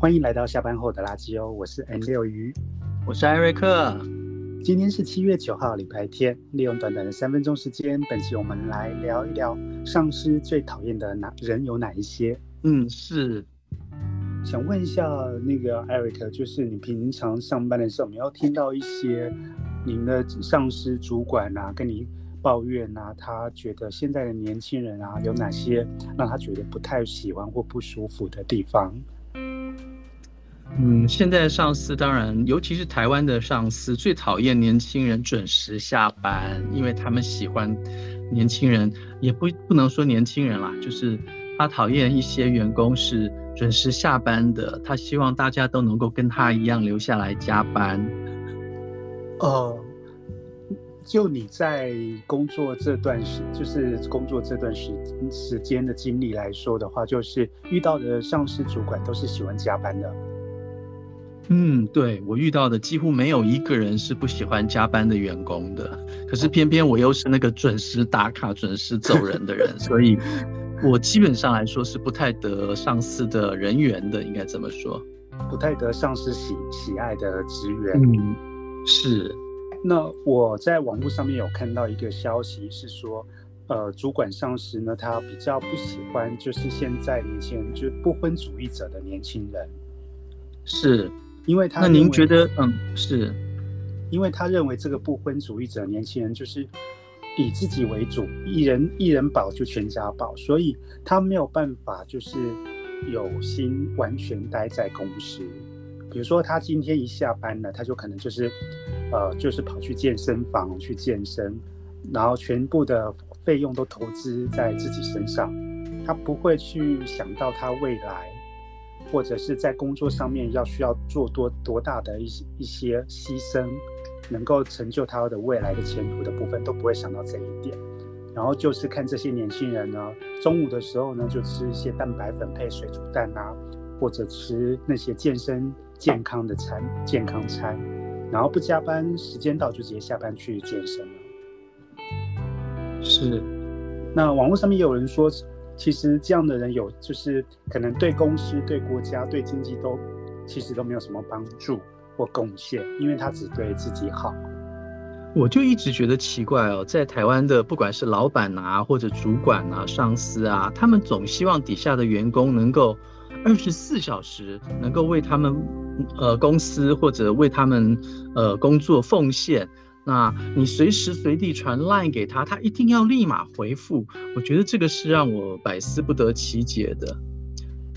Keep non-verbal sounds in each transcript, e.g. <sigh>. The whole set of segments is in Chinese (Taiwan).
歡迎來到下班後的拉基歐，我是 N 六魚，我是艾瑞克，今天是七月九號禮拜天，利用短短的三分鐘時間，本期我們來聊一聊上司最討厭的哪人有哪一些？嗯，是，想問一下那個艾瑞克，就是你平常上班的時候，有沒有聽到一些您的上司主管啊跟你抱怨啊，他覺得現在的年輕人啊有哪些讓他覺得不太喜歡或不舒服的地方？嗯，現在上司當然，尤其是台灣的上司最討厭年輕人準時下班，因為他們喜歡年輕人，也不不能說年輕人啦，就是他討厭一些員工是準時下班的，他希望大家都能夠跟他一樣留下來加班。呃，就你在工作這段時，就是工作這段時時間的經歷來說的話，就是遇到的上司主管都是喜歡加班的。嗯，對，我遇到的幾乎沒有一個人是不喜歡加班的員工的，可是偏偏我又是那個準時打卡、準時走人的人， <laughs> 所以，我基本上來說是不太得上司的人緣的，應該怎麼說？不太得上司喜喜愛的職員。嗯，是。那我在網絡上面有看到一個消息，是說，呃，主管上司呢，他比較不喜歡就是現在年輕人，就不婚主義者的年輕人。是。因為他認為，那您覺得，嗯是，因為他認為這個不婚主義者年輕人就是以自己為主，一人一人保就全家保，所以他沒有辦法就是有心完全待在公司。比如說他今天一下班了，他就可能就是呃就是跑去健身房去健身，然後全部的費用都投資在自己身上，他不會去想到他未來。或者是在工作上面要需要做多多大的一些一些犧牲，能夠成就他的未來的前途的部分都不會想到這一點。然後就是看這些年輕人呢，中午的時候呢就吃一些蛋白粉配水煮蛋啊，或者吃那些健身健康的餐健康餐，然後不加班，時間到就直接下班去健身了。是，那網絡上面也有人說。其實這樣的人有，就是可能對公司、對國家、對經濟都其實都沒有什麼幫助或貢獻，因為他只對自己好。我就一直覺得奇怪哦，在台灣的不管是老闆啊，或者主管啊，上司啊，他們總希望底下的員工能夠二十四小時能夠為他們呃公司或者為他們呃工作奉獻。那你隨時隨地傳 Line 給他，他一定要立馬回復。我覺得這個是讓我百思不得其解的。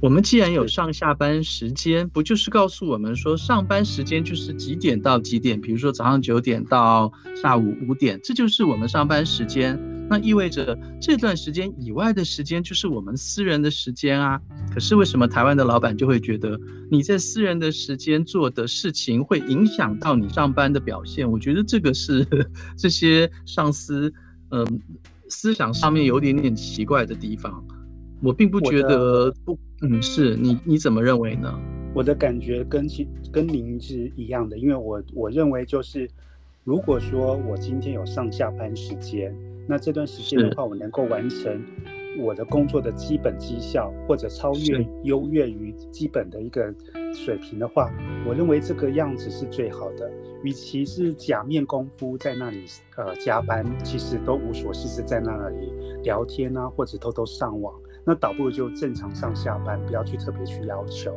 我們既然有上下班時間，不就是告訴我們說上班時間就是幾點到幾點？比如說早上九點到下午五點，這就是我們上班時間。那意味着這段時間以外的時間就是我們私人的時間啊。可是為什麼台灣的老闆就會覺得你在私人的時間做的事情會影響到你上班的表現？我覺得這個是這些上司嗯、呃、思想上面有點點奇怪的地方。我並不覺得不的嗯是你，你怎麼認為呢？我的感覺跟其跟您是一樣的，因為我我認為就是如果說我今天有上下班時間。那這段時間的話，我能夠完成我的工作的基本績效，或者超越、優越於基本的一個水平的話，我認為這個樣子是最好的。與其是假面功夫在那裡呃加班，其實都無所事事在那裡聊天啊，或者偷偷上網，那倒不如就正常上下班，不要去特別去要求。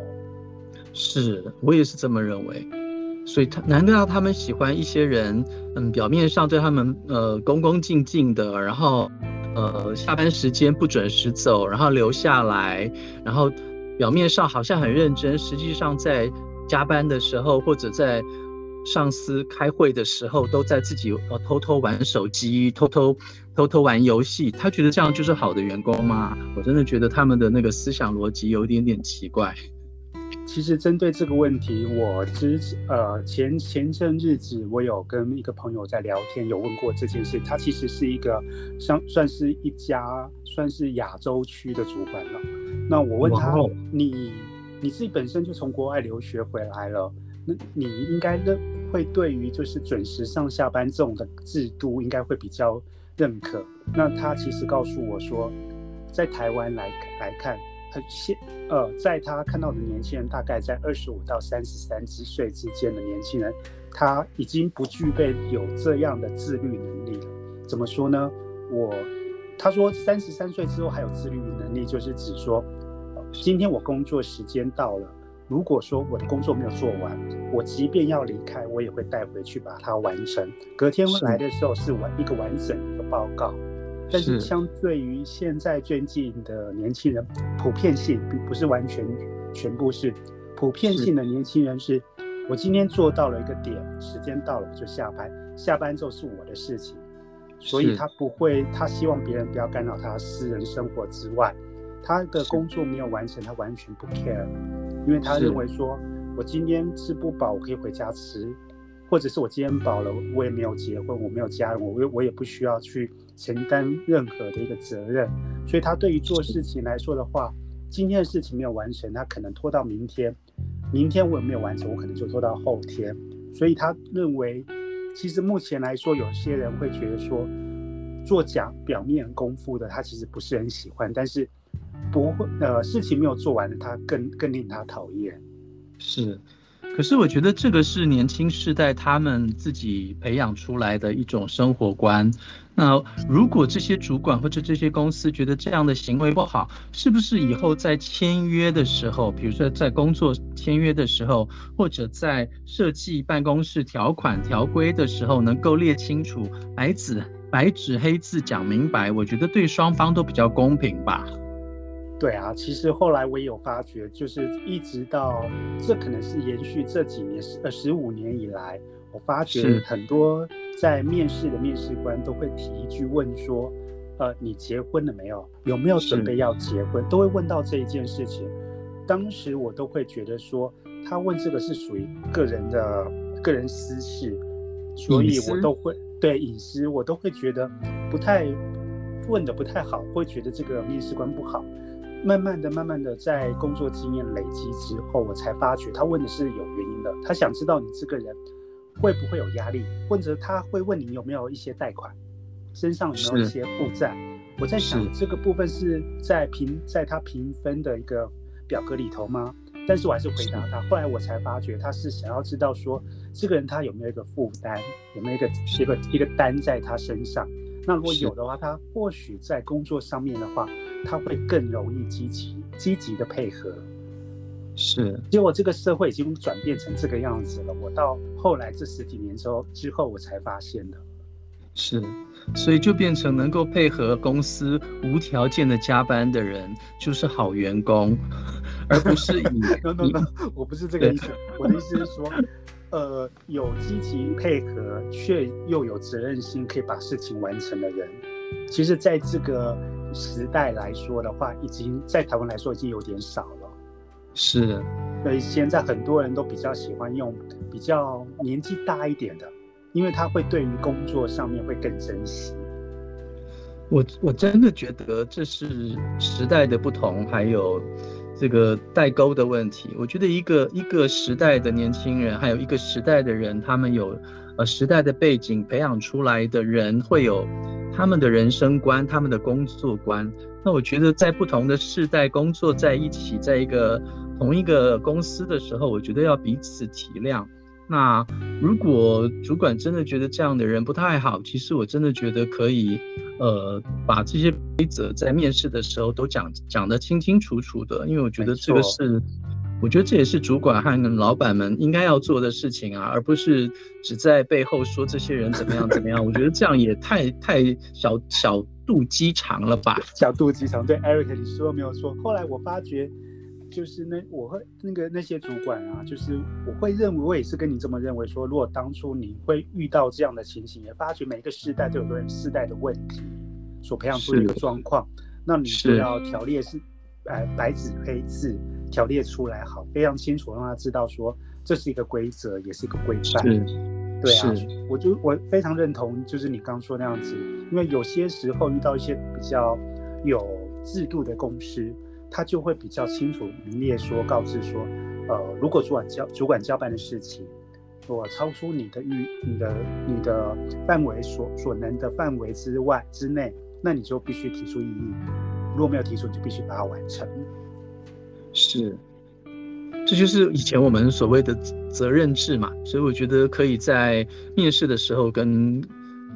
是，我也是這麼認為。所以他，他難道他們喜歡一些人？嗯，表面上對他們呃恭恭敬敬的，然後呃下班時間不準時走，然後留下來，然後表面上好像很認真，實際上在加班的時候或者在上司開會的時候，都在自己呃偷偷玩手機，偷偷偷偷玩遊戲。他覺得這樣就是好的員工嗎？我真的覺得他們的那個思想邏輯有一點點奇怪。其實針對這個問題，我之前，呃，前前陣日子我有跟一個朋友在聊天，有問過這件事。他其實是一個，像算，算是一家算是亞洲區的主管了。那我問他，後你你自己本身就從國外留學回來了，那你應該認會對於就是準時上下班這種的制度應該會比較認可。那他其實告訴我說，在台灣來來看。很現，呃、嗯，在他看到的年輕人，大概在二十五到三十三歲之間的年輕人，他已經不具備有這樣的自律能力了。怎麼說呢？我，他說三十三歲之後還有自律能力，就是指說，今天我工作時間到了，如果說我的工作沒有做完，我即便要離開，我也會帶回去把它完成。隔天來的時候是完一個完整的一個報告。但是相對於現在最近的年輕人，是普遍性並不是完全全部是普遍性的年輕人是，是我今天做到了一個點，時間到了我就下班，下班之後是我的事情，所以他不會，他希望別人不要干擾他私人生活之外，他的工作沒有完成，他完全不 care，因為他認為說，是我今天吃不飽，我可以回家吃。或者是我今天飽了，我也沒有結婚，我沒有家人，我我我也不需要去承擔任何的一個責任，所以他對於做事情來說的話，今天的事情沒有完成，他可能拖到明天，明天我也沒有完成，我可能就拖到後天，所以他認為，其實目前來說，有些人會覺得說做假表面功夫的，他其實不是很喜歡，但是不會，呃，事情沒有做完的，他更更令他討厭，是。可是我覺得這個是年輕世代他們自己培養出來的一種生活觀。那如果這些主管或者這些公司覺得這樣的行為不好，是不是以後在簽約的時候，比如說在工作簽約的時候，或者在設計辦公室條款條規的時候，能夠列清楚白紙白紙黑字講明白？我覺得對雙方都比較公平吧。對啊，其實後來我也有發覺，就是一直到這可能是延續這幾年十呃十五年以來，我發覺很多在面試的面試官都會提一句問說，是呃，你結婚了沒有？有沒有準備要結婚？是都會問到這一件事情。當時我都會覺得說，他問這個是屬於個人的個人私事，所以我都會隱私對隱私我都會覺得不太問得不太好，會覺得這個面試官不好。慢慢的，慢慢的，在工作經驗累積之後，我才發覺他問的是有原因的。他想知道你這個人會不會有壓力，或者他會問你有沒有一些貸款，身上有沒有一些負債。是我在想這個部分是在評在他評分的一個表格裡頭嗎？但是我還是回答他。後來我才發覺他是想要知道說這個人他有沒有一個負擔，有沒有一個一個一個擔在他身上。那如果有的話，他或許在工作上面的話。他會更容易積極積極的配合，是。結果這個社會已經轉變成這個樣子了。我到後來這十幾年之後之後，我才發現的。是，所以就變成能夠配合公司無條件的加班的人，就是好員工，而不是以……我不是這個意思。 <laughs> 我的意思是說，呃，有積極配合卻又有責任心，可以把事情完成的人，其實在這個。時代來說的話，已經在台灣來說已經有點少了。是，所以現在很多人都比較喜歡用比較年紀大一點的，因為他會對於工作上面會更珍惜。我我真的覺得這是時代的不同，還有這個代溝的問題。我覺得一個一個時代的年輕人，還有一個時代的人，他們有呃時代的背景培養出來的人會有。他們的人生觀，他們的工作觀。那我覺得，在不同的世代工作在一起，在一個同一個公司的時候，我覺得要彼此體諒。那如果主管真的覺得這樣的人不太好，其實我真的覺得可以，呃，把這些規則在面試的時候都講講得清清楚楚的，因為我覺得這個是。我覺得這也是主管和老闆們應該要做的事情啊，而不是只在背後說這些人怎麼樣怎麼樣。 <laughs> 我覺得這樣也太太小小肚雞腸了吧？小肚雞腸，對 Eric，你說沒有錯。後來我發覺，就是那我和那個那些主管啊，就是我會認為，我也是跟你這麼認為說，如果當初你會遇到這樣的情形，也發覺每個世代都有個人世代的問題所培養出的一個狀況，是那你就要條列是，是，白紙黑字。條列出來好，非常清楚，讓他知道說這是一個規則，也是一個規範。嗯、對啊，是我就我非常認同，就是你剛，剛說那樣子，因為有些時候遇到一些比較有制度的公司，他就會比較清楚明列說，告知說，呃，如果主管交主管交辦的事情，我超出你的預你的你的範圍所所能的範圍之外之內，那你就必須提出異議，如果沒有提出，你就必須把它完成。是，這就是以前我們所謂的責任制嘛，所以我覺得可以在面試的時候跟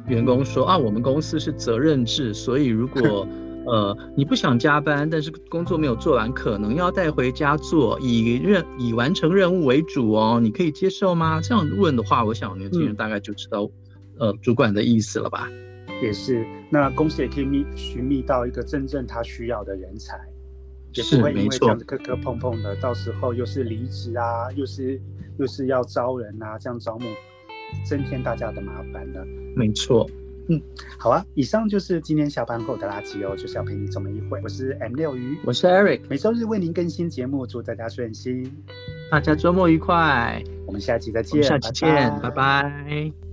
員工說啊，我們公司是責任制，所以如果 <laughs> 呃你不想加班，但是工作沒有做完，可能要帶回家做，以任以完成任務為主哦，你可以接受嗎？這樣問的話，我想我年輕人大概就知道、嗯、呃主管的意思了吧？也是，那公司也可以覓尋覓到一個真正他需要的人才。也不會因為這樣子磕磕碰碰的，到時候又是離職啊，又是又是要招人啊，這樣招募增添大家的麻煩了。沒錯，嗯，好啊，以上就是今天下班後的拉基歐，就是要陪你這麼一會。我是 M 六魚，我是 Eric，每周日為您更新節目，祝大家順心，大家周末愉快，我們下期再見，下期見，拜拜。拜拜。